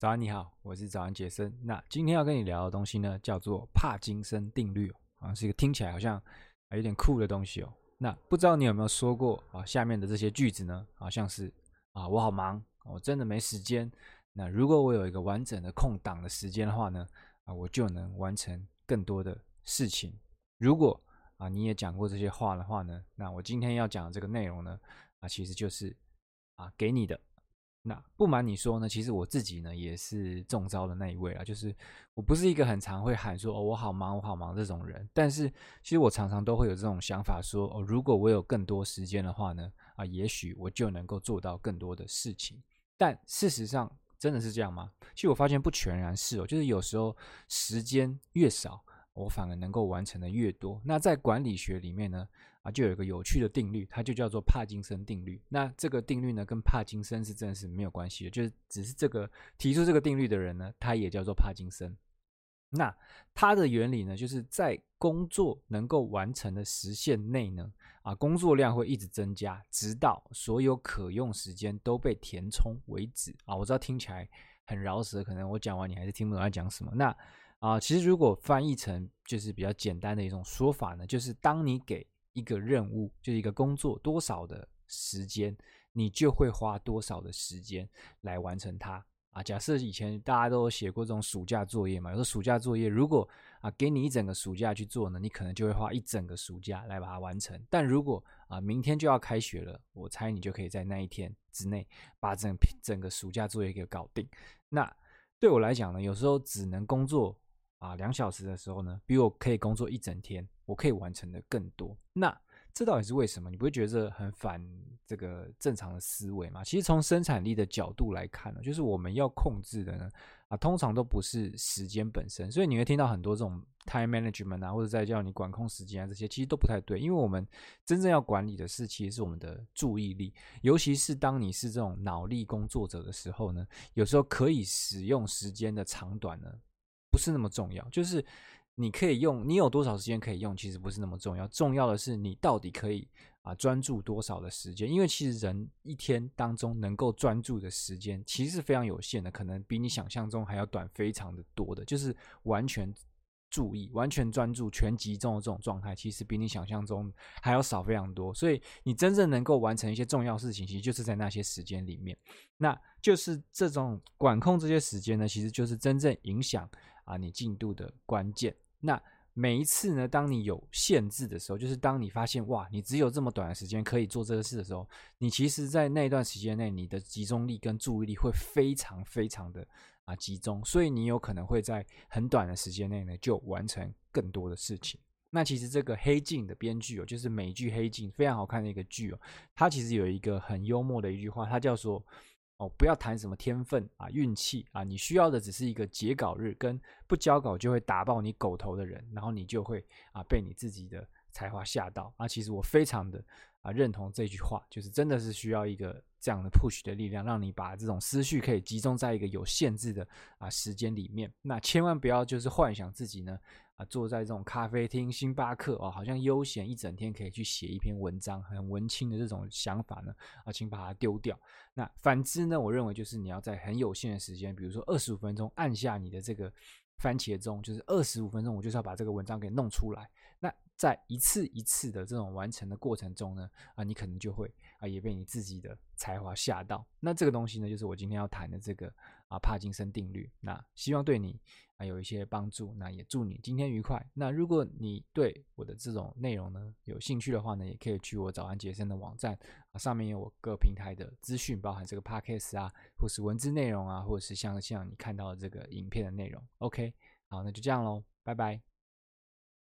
早安，你好，我是早安傑森。那今天要跟你聊的東西呢，叫做帕金森定律，好像是一個聽起來好像啊有點酷的東西哦。那不知道你有沒有說過啊，下面的這些句子呢，好像是啊，我好忙，我真的沒時間。那如果我有一個完整的空檔的時間的話呢，啊，我就能完成更多的事情。如果啊你也講過這些話的話呢，那我今天要講的這個內容呢，啊，其實就是啊給你的。那不瞞你說呢，其實我自己呢也是中招的那一位啊。就是我不是一個很常會喊說“哦，我好忙，我好忙”這種人，但是其實我常常都會有這種想法說：“哦，如果我有更多時間的話呢，啊，也許我就能夠做到更多的事情。”但事實上真的是這樣嗎？其實我發現不全然是哦，就是有時候時間越少，我反而能夠完成的越多。那在管理學裡面呢，啊，就有一個有趣的定律，它就叫做帕金森定律。那這個定律呢，跟帕金森氏真的是沒有關係的，就是只是這個提出這個定律的人呢，他也叫做帕金森。那它的原理呢，就是在工作能夠完成的時限內呢，啊，工作量會一直增加，直到所有可用時間都被填充為止。啊，我知道聽起來很饒舌，可能我講完你還是聽不懂他講什麼。那啊，其實如果翻譯成就是比較簡單的一種說法呢，就是當你給一個任務，就是一個工作多少的時間，你就會花多少的時間來完成它。啊，假設以前大家都寫過這種暑假作業嘛，有時候暑假作業如果啊給你一整個暑假去做呢，你可能就會花一整個暑假來把它完成。但如果啊明天就要開學了，我猜你就可以在那一天之內把整整個暑假作業給搞定。那對我來講呢，有時候只能工作。啊，兩小時的時候呢，比我可以工作一整天，我可以完成的更多。那這到底是為什麼？你不會覺得很反這個正常的思維嗎？其實從生產力的角度來看呢，就是我們要控制的呢，啊，通常都不是時間本身。所以你會聽到很多這種 time management 啊，或者在叫你管控時間啊，這些其實都不太對。因為我們真正要管理的是，其實是我們的注意力，尤其是當你是這種腦力工作者的時候呢，有時候可以使用時間的長短呢。不是那麼重要，就是你可以用你有多少時間可以用，其實不是那麼重要。重要的是你到底可以啊專注多少的時間？因為其實人一天當中能夠專注的時間其實是非常有限的，可能比你想象中還要短非常的多的。就是完全注意、完全專注、全集中的這種狀態，其實比你想象中還要少非常多。所以你真正能夠完成一些重要事情，其實就是在那些時間裡面。那就是這種管控這些時間呢，其實就是真正影響。啊，你進度的關鍵。那每一次呢，當你有限制的時候，就是當你發現哇，你只有這麼短的時間可以做這個事的時候，你其實，在那一段時間內，你的集中力跟注意力會非常非常的啊集中，所以你有可能會在很短的時間內呢，就完成更多的事情。那其實這個《黑鏡》的編劇哦，就是美劇《黑鏡》非常好看的一個劇哦，它其實有一個很幽默的一句話，它叫做。哦，不要談什麼天分啊、運氣啊，你需要的只是一個截稿日跟不交稿就會打爆你狗頭的人，然後你就會啊被你自己的才華嚇到啊！其實我非常的啊認同這句話，就是真的是需要一個這樣的 push 的力量，讓你把這種思緒可以集中在一個有限制的啊時間裡面。那千萬不要就是幻想自己呢啊坐在這種咖啡廳、星巴克哦，啊，好像悠閒一整天可以去寫一篇文章，很文青的這種想法呢啊，請把它丟掉。那反之呢，我認為就是你要在很有限的時間，比如說二十五分鐘，按下你的這個番茄鐘，就是二十五分鐘，我就是要把這個文章給弄出來。在一次一次的這種完成的過程中呢，啊，你可能就會啊，也被你自己的才華嚇到。那這個東西呢，就是我今天要談的這個啊帕金森定律。那希望對你啊有一些幫助。那也祝你今天愉快。那如果你對我的這種內容呢有興趣的話呢，也可以去我早安傑森的網站，啊，上面有我各平台的資訊，包含這個 Podcast 啊，或是文字內容啊，或者是像像你看到的這個影片的內容。OK，好，那就這樣嘍，拜拜。